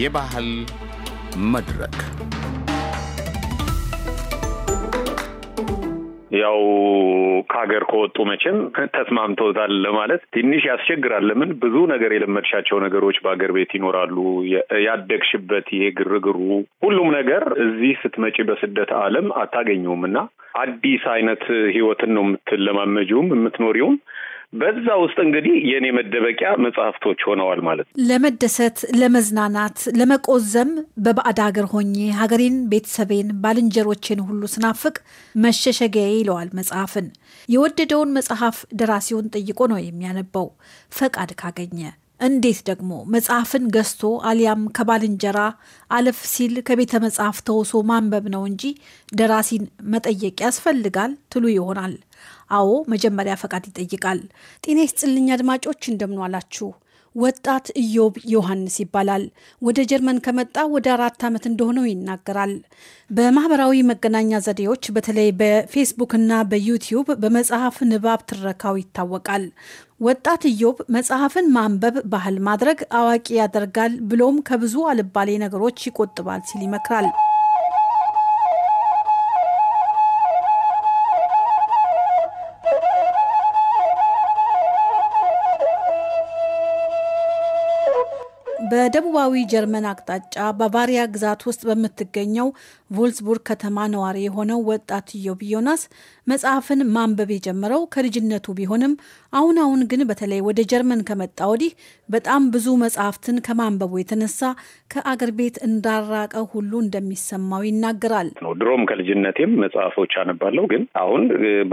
የባህል መድረክ ያው ከሀገር ከወጡ መቼም ተስማምተውታል ለማለት ትንሽ ያስቸግራል። ለምን ብዙ ነገር የለመድሻቸው ነገሮች በሀገር ቤት ይኖራሉ። ያደግሽበት ይሄ ግርግሩ፣ ሁሉም ነገር እዚህ ስትመጪ በስደት ዓለም አታገኘውም እና አዲስ አይነት ህይወትን ነው የምትለማመጂውም የምትኖሪውም በዛ ውስጥ እንግዲህ የእኔ መደበቂያ መጽሐፍቶች ሆነዋል ማለት ነው። ለመደሰት፣ ለመዝናናት፣ ለመቆዘም በባዕድ ሀገር ሆኜ ሀገሬን፣ ቤተሰቤን፣ ባልንጀሮቼን ሁሉ ስናፍቅ መሸሸጊያዬ ይለዋል መጽሐፍን። የወደደውን መጽሐፍ ደራሲውን ጠይቆ ነው የሚያነበው ፈቃድ ካገኘ። እንዴት ደግሞ መጽሐፍን ገዝቶ አሊያም ከባልንጀራ አለፍ ሲል ከቤተ መጽሐፍ ተውሶ ማንበብ ነው እንጂ ደራሲን መጠየቅ ያስፈልጋል ትሉ ይሆናል። አዎ መጀመሪያ ፈቃድ ይጠይቃል። ጤና ይስጥልኝ አድማጮች፣ እንደምን አላችሁ ወጣት ኢዮብ ዮሐንስ ይባላል። ወደ ጀርመን ከመጣ ወደ አራት ዓመት እንደሆነው ይናገራል። በማህበራዊ መገናኛ ዘዴዎች በተለይ በፌስቡክና በዩቲዩብ በመጽሐፍ ንባብ ትረካው ይታወቃል። ወጣት ኢዮብ መጽሐፍን ማንበብ ባህል ማድረግ አዋቂ ያደርጋል ብሎም ከብዙ አልባሌ ነገሮች ይቆጥባል ሲል ይመክራል። በደቡባዊ ጀርመን አቅጣጫ ባቫሪያ ግዛት ውስጥ በምትገኘው ቮልስቡርግ ከተማ ነዋሪ የሆነው ወጣት ኢዮብ ዮናስ መጽሐፍን ማንበብ የጀመረው ከልጅነቱ ቢሆንም አሁን አሁን ግን በተለይ ወደ ጀርመን ከመጣ ወዲህ በጣም ብዙ መጽሐፍትን ከማንበቡ የተነሳ ከአገር ቤት እንዳራቀ ሁሉ እንደሚሰማው ይናገራል። ድሮም ከልጅነቴም መጽሐፎች አነባለሁ፣ ግን አሁን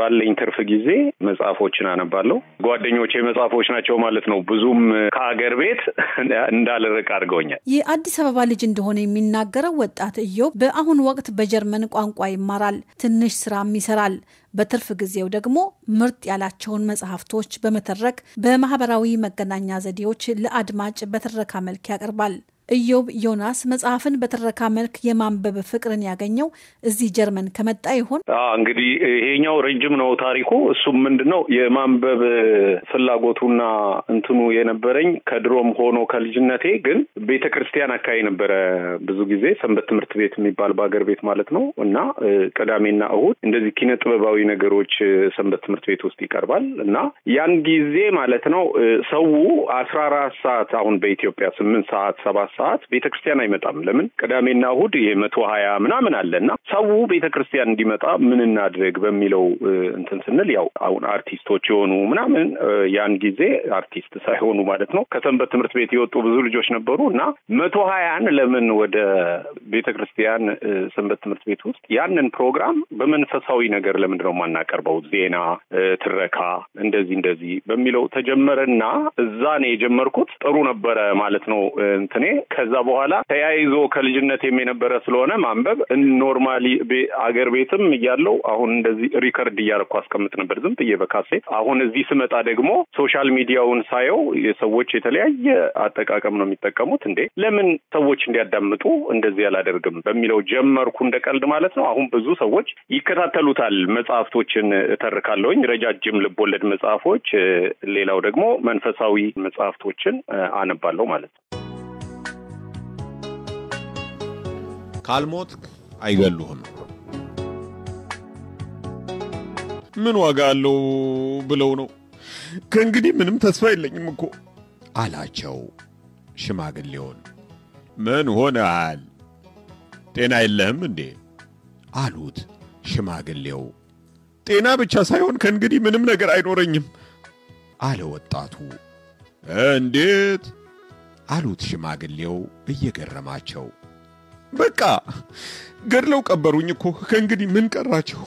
ባለኝ ትርፍ ጊዜ መጽሐፎችን አነባለሁ። ጓደኞቼ መጽሐፎች ናቸው ማለት ነው። ብዙም ከአገር ቤት እንዳልረ እንድጠነቀቅ አድርገውኛል። የአዲስ አበባ ልጅ እንደሆነ የሚናገረው ወጣት እየው በአሁኑ ወቅት በጀርመን ቋንቋ ይማራል፣ ትንሽ ስራም ይሰራል። በትርፍ ጊዜው ደግሞ ምርጥ ያላቸውን መጽሐፍቶች በመተረክ በማህበራዊ መገናኛ ዘዴዎች ለአድማጭ በትረካ መልክ ያቀርባል። ኢዮብ ዮናስ መጽሐፍን በትረካ መልክ የማንበብ ፍቅርን ያገኘው እዚህ ጀርመን ከመጣ ይሆን? እንግዲህ ይሄኛው ረጅም ነው ታሪኩ። እሱም ምንድን ነው የማንበብ ፍላጎቱና እንትኑ የነበረኝ ከድሮም ሆኖ ከልጅነቴ ግን ቤተ ክርስቲያን አካባቢ ነበረ ብዙ ጊዜ ሰንበት ትምህርት ቤት የሚባል በሀገር ቤት ማለት ነው እና ቅዳሜና እሁድ እንደዚህ ኪነ ጥበባዊ ነገሮች ሰንበት ትምህርት ቤት ውስጥ ይቀርባል እና ያን ጊዜ ማለት ነው ሰው አስራ አራት ሰዓት አሁን በኢትዮጵያ ስምንት ሰዓት ሰባት ሰዓት ቤተ ክርስቲያን አይመጣም። ለምን? ቅዳሜና እሁድ የመቶ ሀያ ምናምን አለ ሰው ቤተ ክርስቲያን እንዲመጣ ምን እናድርግ በሚለው እንትን ስንል ያው አሁን አርቲስቶች የሆኑ ምናምን ያን ጊዜ አርቲስት ሳይሆኑ ማለት ነው ከሰንበት ትምህርት ቤት የወጡ ብዙ ልጆች ነበሩ እና መቶ ሀያን ለምን ወደ ቤተ ክርስቲያን ሰንበት ትምህርት ቤት ውስጥ ያንን ፕሮግራም በመንፈሳዊ ነገር ለምንድን ነው የማናቀርበው? ዜና፣ ትረካ እንደዚህ እንደዚህ በሚለው ተጀመረና እዛ ነው የጀመርኩት። ጥሩ ነበረ ማለት ነው እንትኔ ከዛ በኋላ ተያይዞ ከልጅነት የነበረ ስለሆነ ማንበብ ኖርማሊ አገር ቤትም እያለው አሁን እንደዚህ ሪከርድ እያደረኩ አስቀምጥ ነበር ዝም ብዬ በካሴት። አሁን እዚህ ስመጣ ደግሞ ሶሻል ሚዲያውን ሳየው የሰዎች የተለያየ አጠቃቀም ነው የሚጠቀሙት። እንዴ ለምን ሰዎች እንዲያዳምጡ እንደዚህ አላደርግም በሚለው ጀመርኩ እንደ ቀልድ ማለት ነው። አሁን ብዙ ሰዎች ይከታተሉታል። መጽሐፍቶችን እተርካለሁኝ፣ ረጃጅም ልቦለድ መጽሐፎች። ሌላው ደግሞ መንፈሳዊ መጽሐፍቶችን አነባለሁ ማለት ነው። ካልሞት አይገሉህም። ምን ዋጋ አለው ብለው ነው። ከእንግዲህ ምንም ተስፋ የለኝም እኮ አላቸው። ሽማግሌውን ምን ሆነሃል? ጤና የለህም እንዴ? አሉት ሽማግሌው። ጤና ብቻ ሳይሆን ከእንግዲህ ምንም ነገር አይኖረኝም አለ ወጣቱ። እንዴት? አሉት ሽማግሌው እየገረማቸው በቃ ገድለው ቀበሩኝ እኮ። ከእንግዲህ ምን ቀራቸው?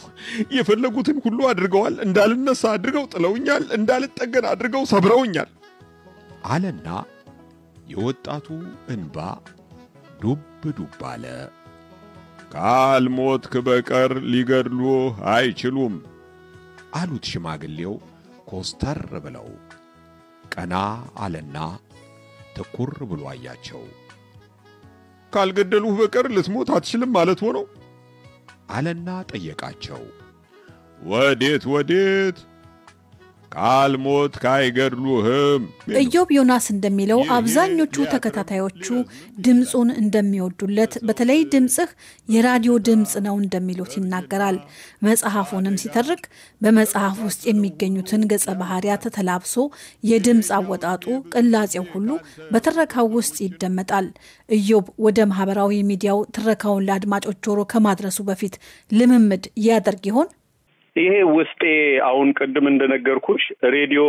የፈለጉትን ሁሉ አድርገዋል። እንዳልነሳ አድርገው ጥለውኛል። እንዳልጠገን አድርገው ሰብረውኛል አለና የወጣቱ እንባ ዱብ ዱብ አለ። ካልሞትክ በቀር ሊገድሉ አይችሉም አሉት ሽማግሌው ኮስተር ብለው። ቀና አለና ትኩር ብሎ አያቸው። ካልገደሉህ በቀር ልትሞት አትችልም ማለት ሆነው አለና ጠየቃቸው። ወዴት ወዴት ካልሞት ካይገድሉህም። ኢዮብ ዮናስ እንደሚለው አብዛኞቹ ተከታታዮቹ ድምፁን እንደሚወዱለት በተለይ ድምፅህ የራዲዮ ድምፅ ነው እንደሚሉት ይናገራል። መጽሐፉንም ሲተርክ በመጽሐፍ ውስጥ የሚገኙትን ገጸ ባህሪያት ተላብሶ የድምፅ አወጣጡ፣ ቅላጼው ሁሉ በትረካው ውስጥ ይደመጣል። ኢዮብ ወደ ማህበራዊ ሚዲያው ትረካውን ለአድማጮች ጆሮ ከማድረሱ በፊት ልምምድ ያደርግ ይሆን? ይሄ ውስጤ አሁን ቅድም እንደነገርኩሽ ሬዲዮ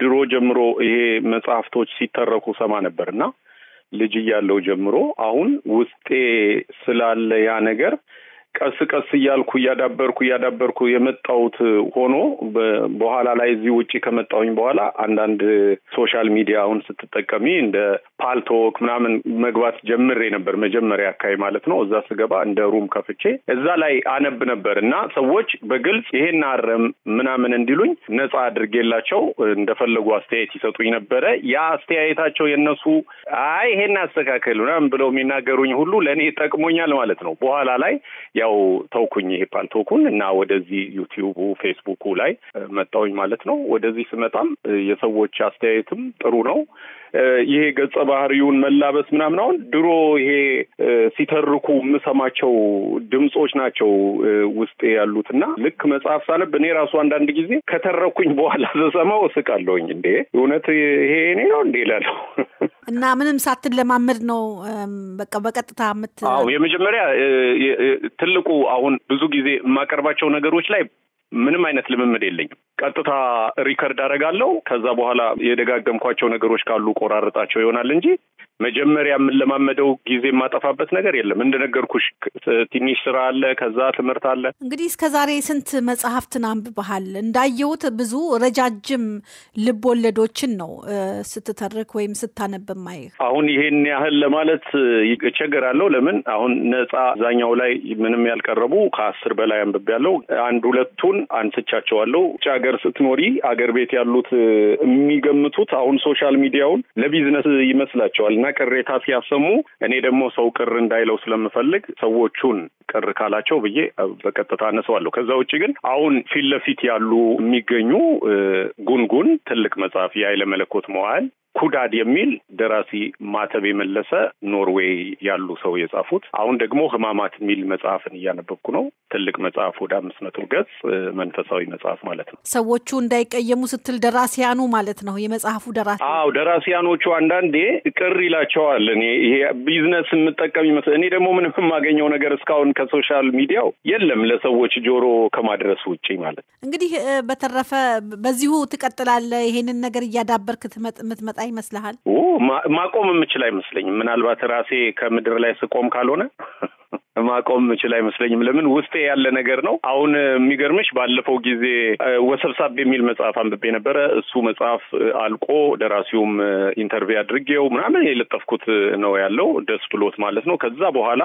ድሮ ጀምሮ ይሄ መጽሐፍቶች ሲተረኩ ሰማ ነበር እና ልጅ እያለው ጀምሮ አሁን ውስጤ ስላለ ያ ነገር ቀስ ቀስ እያልኩ እያዳበርኩ እያዳበርኩ የመጣሁት ሆኖ በኋላ ላይ እዚህ ውጭ ከመጣሁኝ በኋላ አንዳንድ ሶሻል ሚዲያውን ስትጠቀሚ እንደ ፓልቶክ ምናምን መግባት ጀምሬ ነበር። መጀመሪያ አካባቢ ማለት ነው። እዛ ስገባ እንደ ሩም ከፍቼ እዛ ላይ አነብ ነበር እና ሰዎች በግልጽ ይሄን አረም ምናምን እንዲሉኝ ነጻ አድርጌላቸው እንደፈለጉ አስተያየት ይሰጡኝ ነበረ። ያ አስተያየታቸው የነሱ አይ ይሄን አስተካክል ምናምን ብለው የሚናገሩኝ ሁሉ ለእኔ ጠቅሞኛል ማለት ነው። በኋላ ላይ ያው ተውኩኝ ይሄ ፓንቶኩን እና ወደዚህ ዩቲዩቡ ፌስቡኩ ላይ መጣውኝ ማለት ነው። ወደዚህ ስመጣም የሰዎች አስተያየትም ጥሩ ነው። ይሄ ገጸ ባህሪውን መላበስ ምናምን አሁን ድሮ ይሄ ሲተርኩ የምሰማቸው ድምፆች ናቸው ውስጤ ያሉት እና ልክ መጽሐፍ ሳነብ እኔ ራሱ አንዳንድ ጊዜ ከተረኩኝ በኋላ ስሰማው እስቃለሁኝ። እንዴ እውነት ይሄ እኔ ነው እንዴ ላለው እና ምንም ሳትን ለማመድ ነው በቃ በቀጥታ ምት አዎ የመጀመሪያ ትልቁ አሁን ብዙ ጊዜ የማቀርባቸው ነገሮች ላይ ምንም አይነት ልምምድ የለኝም። ቀጥታ ሪከርድ አደርጋለሁ። ከዛ በኋላ የደጋገምኳቸው ነገሮች ካሉ ቆራረጣቸው ይሆናል እንጂ መጀመሪያ የምንለማመደው ጊዜ የማጠፋበት ነገር የለም። እንደነገርኩሽ ትንሽ ስራ አለ፣ ከዛ ትምህርት አለ። እንግዲህ እስከ ዛሬ ስንት መጽሐፍትን አንብበሃል? እንዳየሁት ብዙ ረጃጅም ልብ ወለዶችን ነው ስትተርክ ወይም ስታነብ ማየህ። አሁን ይሄን ያህል ለማለት እቸገራለሁ። ለምን አሁን ነጻ አብዛኛው ላይ ምንም ያልቀረቡ ከአስር በላይ አንብቤያለሁ። አንድ ሁለቱን አንስቻቸዋለሁ። ውጭ ሀገር ስትኖሪ አገር ቤት ያሉት የሚገምቱት አሁን ሶሻል ሚዲያውን ለቢዝነስ ይመስላቸዋል እና ቅሬታ ሲያሰሙ እኔ ደግሞ ሰው ቅር እንዳይለው ስለምፈልግ ሰዎቹን ቅር ካላቸው ብዬ በቀጥታ አነሰዋለሁ። ከዛ ውጭ ግን አሁን ፊት ለፊት ያሉ የሚገኙ ጉንጉን ትልቅ መጽሐፍ የኃይለ መለኮት መዋል ኩዳድ የሚል ደራሲ ማተብ የመለሰ ኖርዌይ ያሉ ሰው የጻፉት። አሁን ደግሞ ህማማት የሚል መጽሐፍን እያነበብኩ ነው። ትልቅ መጽሐፍ ወደ አምስት መቶ ገጽ መንፈሳዊ መጽሐፍ ማለት ነው። ሰዎቹ እንዳይቀየሙ ስትል ደራሲያኑ ማለት ነው። የመጽሐፉ ደራሲ አዎ፣ ደራሲያኖቹ አንዳንዴ ቅር ይላቸዋል። እኔ ይሄ ቢዝነስ የምጠቀም ይመስል እኔ ደግሞ ምንም የማገኘው ነገር እስካሁን ከሶሻል ሚዲያው የለም ለሰዎች ጆሮ ከማድረስ ውጪ ማለት እንግዲህ በተረፈ በዚሁ ትቀጥላለህ? ይሄንን ነገር እያዳበርክ የምትመጣ ይመስልሃል? ማቆም የምችል አይመስለኝም። ምናልባት ራሴ ከምድር ላይ ስቆም ካልሆነ ማቆም ምችል አይመስለኝም። ለምን ውስጤ ያለ ነገር ነው። አሁን የሚገርምሽ ባለፈው ጊዜ ወሰብሳብ የሚል መጽሐፍ አንብቤ ነበረ። እሱ መጽሐፍ አልቆ ደራሲውም ኢንተርቪው አድርጌው ምናምን የለጠፍኩት ነው ያለው ደስ ብሎት ማለት ነው። ከዛ በኋላ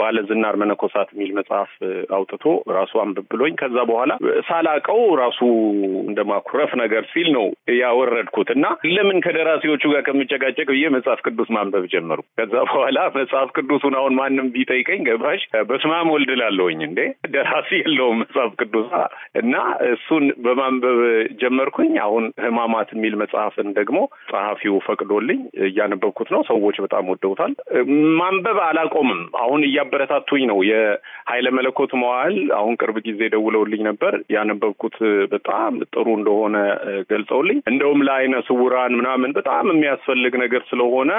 ባለ ዝናር መነኮሳት የሚል መጽሐፍ አውጥቶ ራሱ አንብብ ብሎኝ ከዛ በኋላ ሳላቀው ራሱ እንደማኩረፍ ነገር ሲል ነው ያወረድኩት እና ለምን ከደራሲዎቹ ጋር ከምጨጋጨቅ ብዬ መጽሐፍ ቅዱስ ማንበብ ጀመሩ። ከዛ በኋላ መጽሐፍ ቅዱሱን አሁን ማንም ቢጠይቅ ጠየቀኝ ገባሽ በስማም ወልድ ላለውኝ እንዴ ደራሲ የለውም መጽሐፍ ቅዱሳ እና እሱን በማንበብ ጀመርኩኝ። አሁን ህማማት የሚል መጽሐፍን ደግሞ ጸሐፊው ፈቅዶልኝ እያነበብኩት ነው። ሰዎች በጣም ወደውታል። ማንበብ አላቆምም። አሁን እያበረታቱኝ ነው። የኃይለ መለኮት መዋዕል አሁን ቅርብ ጊዜ ደውለውልኝ ነበር። ያነበብኩት በጣም ጥሩ እንደሆነ ገልጸውልኝ እንደውም ለአይነ ስውራን ምናምን በጣም የሚያስፈልግ ነገር ስለሆነ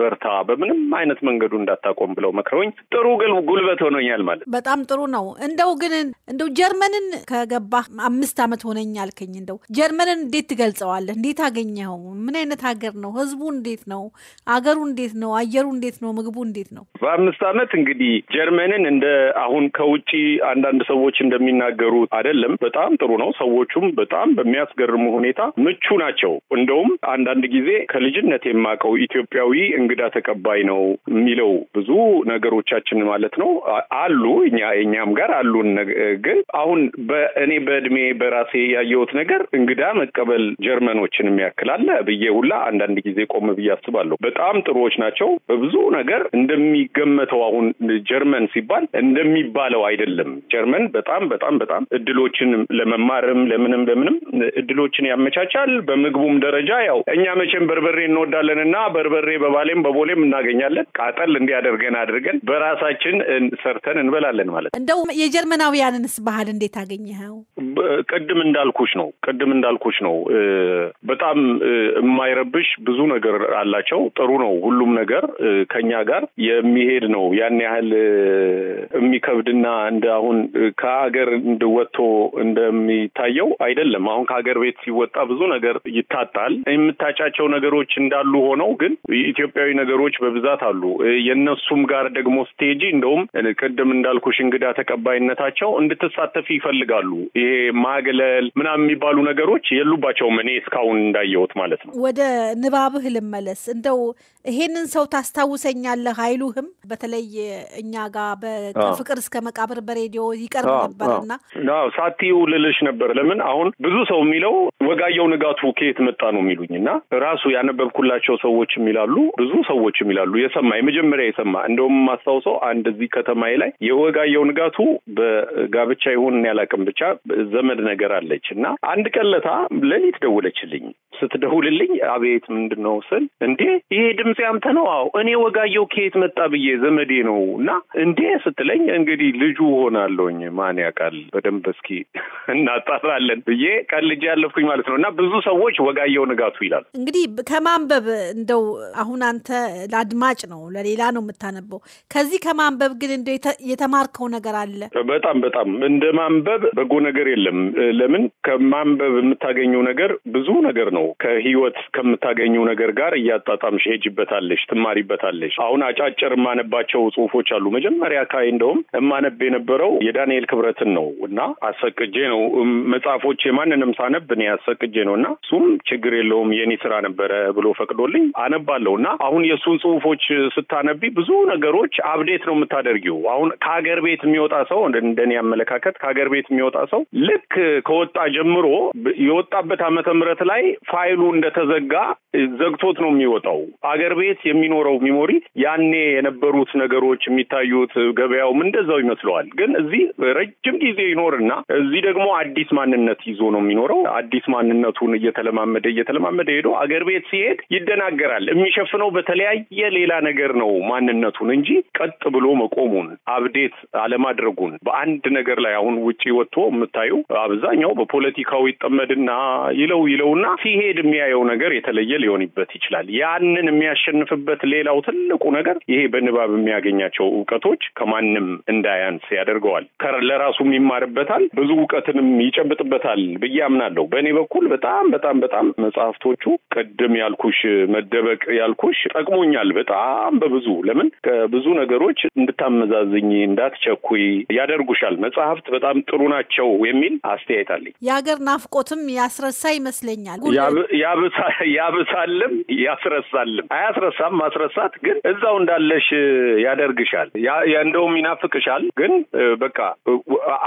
በርታ፣ በምንም አይነት መንገዱ እንዳታቆም ብለው መክረውኝ ጥሩ ጥሩ ጉልበት ሆኖኛል ማለት በጣም ጥሩ ነው። እንደው ግን እንደው ጀርመንን ከገባህ አምስት ዓመት ሆነኝ አልከኝ። እንደው ጀርመንን እንዴት ትገልጸዋለህ? እንዴት አገኘኸው? ምን አይነት ሀገር ነው? ህዝቡ እንዴት ነው? አገሩ እንዴት ነው? አየሩ እንዴት ነው? ምግቡ እንዴት ነው? በአምስት ዓመት እንግዲህ ጀርመንን እንደ አሁን ከውጭ አንዳንድ ሰዎች እንደሚናገሩ አይደለም። በጣም ጥሩ ነው። ሰዎቹም በጣም በሚያስገርሙ ሁኔታ ምቹ ናቸው። እንደውም አንዳንድ ጊዜ ከልጅነት የማውቀው ኢትዮጵያዊ እንግዳ ተቀባይ ነው የሚለው ብዙ ነገሮቻችን ጓደኞቻችን ማለት ነው አሉ እኛ እኛም ጋር አሉን። ግን አሁን በእኔ በእድሜ በራሴ ያየሁት ነገር እንግዳ መቀበል ጀርመኖችንም የሚያክላለ ብዬ ሁላ አንዳንድ ጊዜ ቆም ብዬ አስባለሁ። በጣም ጥሩዎች ናቸው በብዙ ነገር እንደሚገመተው አሁን ጀርመን ሲባል እንደሚባለው አይደለም። ጀርመን በጣም በጣም በጣም እድሎችን ለመማርም ለምንም ለምንም እድሎችን ያመቻቻል። በምግቡም ደረጃ ያው እኛ መቼም በርበሬ እንወዳለን እና በርበሬ በባሌም በቦሌም እናገኛለን። ቃጠል እንዲያደርገን አድርገን በራሳ ራሳችን ሰርተን እንበላለን ማለት ነው። እንደውም የጀርመናውያንንስ ባህል እንዴት አገኘኸው? ቅድም እንዳልኩሽ ነው ቅድም እንዳልኩሽ ነው በጣም የማይረብሽ ብዙ ነገር አላቸው። ጥሩ ነው ሁሉም ነገር ከኛ ጋር የሚሄድ ነው። ያን ያህል የሚከብድና እንደ አሁን ከሀገር እንድወጥቶ እንደሚታየው አይደለም። አሁን ከሀገር ቤት ሲወጣ ብዙ ነገር ይታጣል። የምታጫቸው ነገሮች እንዳሉ ሆነው ግን ኢትዮጵያዊ ነገሮች በብዛት አሉ። የእነሱም ጋር ደግሞ ስቴ ስትሄጂ እንደውም ቅድም እንዳልኩሽ እንግዳ ተቀባይነታቸው እንድትሳተፊ ይፈልጋሉ። ይሄ ማግለል ምናምን የሚባሉ ነገሮች የሉባቸውም እኔ እስካሁን እንዳየሁት ማለት ነው። ወደ ንባብህ ልመለስ። እንደው ይሄንን ሰው ታስታውሰኛለህ? ኃይሉህም በተለይ እኛ ጋር በፍቅር እስከ መቃብር በሬዲዮ ይቀርብ ነበርና ሳቲው ልልሽ ነበር። ለምን አሁን ብዙ ሰው የሚለው ወጋየው ንጋቱ ከየት መጣ ነው የሚሉኝ እና ራሱ ያነበብኩላቸው ሰዎች ይላሉ ብዙ ሰዎች ይላሉ የሰማ የመጀመሪያ የሰማ እንደውም ማስታውሰው አንድ እዚህ ከተማዬ ላይ የወጋየው ንጋቱ በጋብቻ ይሁን ያላቅም ብቻ ዘመድ ነገር አለች እና አንድ ቀለታ ለታ ሌሊት ስትደውልልኝ አቤት ምንድን ነው ስል እንዴ ይሄ ድምፅ ያምተ ነው? አዎ እኔ ወጋየው ከየት መጣ ብዬ ዘመዴ ነው እና እንዴ ስትለኝ እንግዲህ ልጁ ሆናለሁኝ ማን ያውቃል በደንብ እስኪ እናጣራለን ብዬ ቀልጅ ያለፍኩኝ ማለት ነው እና ብዙ ሰዎች ወጋየው ንጋቱ ይላል። እንግዲህ ከማንበብ እንደው አሁን አንተ ለአድማጭ ነው ለሌላ ነው የምታነበው። ከዚህ ከማንበብ ግን እንደው የተማርከው ነገር አለ? በጣም በጣም እንደ ማንበብ በጎ ነገር የለም። ለምን ከማንበብ የምታገኘው ነገር ብዙ ነገር ነው። ከህይወት ከምታገኘው ነገር ጋር እያጣጣምሽ ሄጅበታለሽ፣ ትማሪበታለሽ። አሁን አጫጭር የማነባቸው ጽሁፎች አሉ። መጀመሪያ አካባቢ እንደውም የማነብ የነበረው የዳንኤል ክብረትን ነው እና አሰቅጄ ነው መጽሐፎች የማንንም ሳነብ አሰቅጄ ነው እና እሱም ችግር የለውም የኔ ስራ ነበረ ብሎ ፈቅዶልኝ አነባለሁ እና አሁን የእሱን ጽሁፎች ስታነቢ ብዙ ነገሮች አብዴት ነው የምታደርጊው። አሁን ከሀገር ቤት የሚወጣ ሰው እንደኔ አመለካከት ከሀገር ቤት የሚወጣ ሰው ልክ ከወጣ ጀምሮ የወጣበት አመተ ምረት ላይ ፋይሉ እንደተዘጋ ዘግቶት ነው የሚወጣው። አገር ቤት የሚኖረው ሚሞሪ ያኔ የነበሩት ነገሮች የሚታዩት ገበያውም እንደዛው ይመስለዋል። ግን እዚህ ረጅም ጊዜ ይኖርና እዚህ ደግሞ አዲስ ማንነት ይዞ ነው የሚኖረው። አዲስ አዲስ ማንነቱን እየተለማመደ እየተለማመደ ሄዶ አገር ቤት ሲሄድ ይደናገራል። የሚሸፍነው በተለያየ ሌላ ነገር ነው ማንነቱን እንጂ ቀጥ ብሎ መቆሙን አብዴት አለማድረጉን በአንድ ነገር ላይ አሁን ውጪ ወጥቶ የምታዩ አብዛኛው በፖለቲካው ይጠመድና ይለው ይለውና ሲሄድ የሚያየው ነገር የተለየ ሊሆንበት ይችላል። ያንን የሚያሸንፍበት ሌላው ትልቁ ነገር ይሄ በንባብ የሚያገኛቸው እውቀቶች ከማንም እንዳያንስ ያደርገዋል። ለራሱም ይማርበታል፣ ብዙ እውቀትንም ይጨብጥበታል ብዬ አምናለሁ። በእኔ በኩል በጣም በጣም በጣም መጽሐፍቶቹ ቅድም ያልኩሽ መደበቅ ያልኩሽ ጠቅሞኛል በጣም በብዙ ለምን ከብዙ ነገሮች እንድታመዛዝኝ እንዳትቸኩይ ያደርጉሻል። መጽሐፍት በጣም ጥሩ ናቸው የሚል አስተያየት አለኝ። የሀገር ናፍቆትም ያስረሳ ይመስለኛል። ያብሳልም ያስረሳልም። አያስረሳም። ማስረሳት ግን እዛው እንዳለሽ ያደርግሻል። እንደውም ይናፍቅሻል። ግን በቃ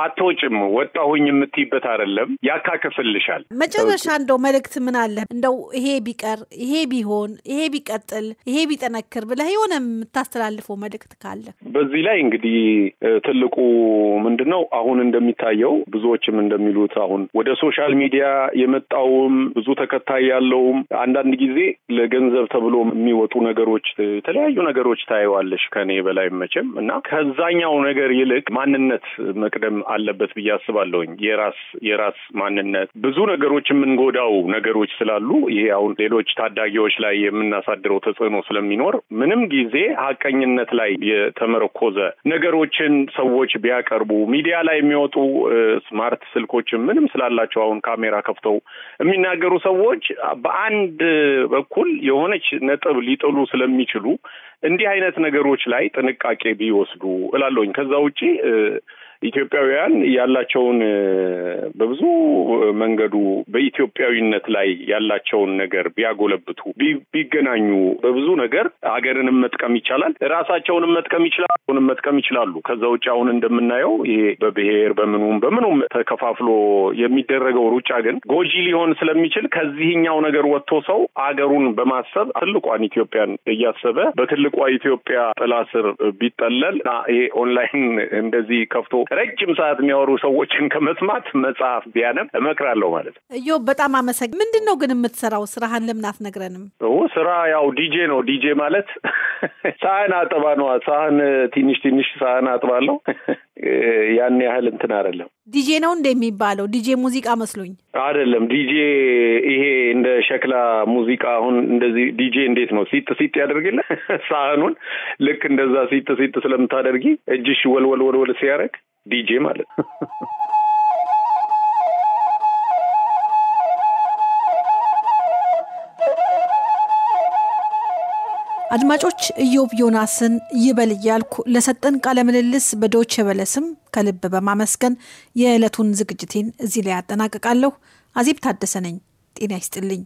አቶጭም ወጣሁኝ የምትይበት አይደለም፣ ያካክፍልሻል። መጨረሻ እንደው መልእክት ምን አለ? እንደው ይሄ ቢቀር፣ ይሄ ቢሆን፣ ይሄ ቢቀጥል፣ ይሄ ቢጠነክር ብለህ የሆነ የምታስተላልፈው መልእክት ካለ በዚህ ላይ እንግዲህ ትልቁ ምንድን ነው አሁን እንደሚታየው ብዙዎችም እንደሚሉት አሁን ወደ ሶሻል ሚዲያ የመጣውም ብዙ ተከታይ ያለውም አንዳንድ ጊዜ ለገንዘብ ተብሎ የሚወጡ ነገሮች የተለያዩ ነገሮች ታየዋለሽ ከኔ በላይ መቼም እና ከዛኛው ነገር ይልቅ ማንነት መቅደም አለበት ብዬ አስባለሁኝ። የራስ የራስ ማንነት ብዙ ነገር ነገሮች የምንጎዳው ነገሮች ስላሉ ይሄ አሁን ሌሎች ታዳጊዎች ላይ የምናሳድረው ተጽዕኖ ስለሚኖር ምንም ጊዜ ሀቀኝነት ላይ የተመረኮዘ ነገሮችን ሰዎች ቢያቀርቡ ሚዲያ ላይ የሚወጡ ስማርት ስልኮችን ምንም ስላላቸው አሁን ካሜራ ከፍተው የሚናገሩ ሰዎች በአንድ በኩል የሆነች ነጥብ ሊጥሉ ስለሚችሉ እንዲህ አይነት ነገሮች ላይ ጥንቃቄ ቢወስዱ እላለሁኝ። ከዛ ውጪ ኢትዮጵያውያን ያላቸውን በብዙ መንገዱ በኢትዮጵያዊነት ላይ ያላቸውን ነገር ቢያጎለብቱ ቢገናኙ በብዙ ነገር ሀገርንም መጥቀም ይቻላል፣ ራሳቸውንም መጥቀም ይችላል፣ መጥቀም ይችላሉ። ከዛ ውጭ አሁን እንደምናየው ይሄ በብሔር በምኑም በምኑም ተከፋፍሎ የሚደረገው ሩጫ ግን ጎጂ ሊሆን ስለሚችል ከዚህኛው ነገር ወጥቶ ሰው አገሩን በማሰብ ትልቋን ኢትዮጵያን እያሰበ በትልቋ ኢትዮጵያ ጥላ ስር ቢጠለል ይሄ ኦንላይን እንደዚህ ከፍቶ ረጅም ሰዓት የሚያወሩ ሰዎችን ከመስማት መጽሐፍ ቢያነብ እመክራለሁ ማለት ነው። እዮ በጣም አመሰግ ምንድን ነው ግን የምትሰራው? ስራህን ለምን አትነግረንም? ስራ ያው ዲጄ ነው። ዲጄ ማለት ሳህን አጥባ ነዋ። ሳህን ትንሽ ትንሽ ሳህን አጥባለሁ። ያን ያህል እንትን አይደለም። ዲጄ ነው የሚባለው ዲጄ ሙዚቃ መስሎኝ አይደለም። ዲጄ ይሄ እንደ ሸክላ ሙዚቃ አሁን እንደዚህ ዲጄ እንዴት ነው ሲጥ ሲጥ ያደርግልህ ሳህኑን ልክ እንደዛ ሲጥ ሲጥ ስለምታደርጊ እጅሽ ወልወል ወልወል ሲያደርግ ዲጄ ማለት ነው። አድማጮች ኢዮብ ዮናስን ይበል እያልኩ ለሰጠን ቃለ ምልልስ በዶች በለ ስም ከልብ በማመስገን የዕለቱን ዝግጅቴን እዚህ ላይ አጠናቅቃለሁ። አዜብ ታደሰ ነኝ። ጤና ይስጥልኝ።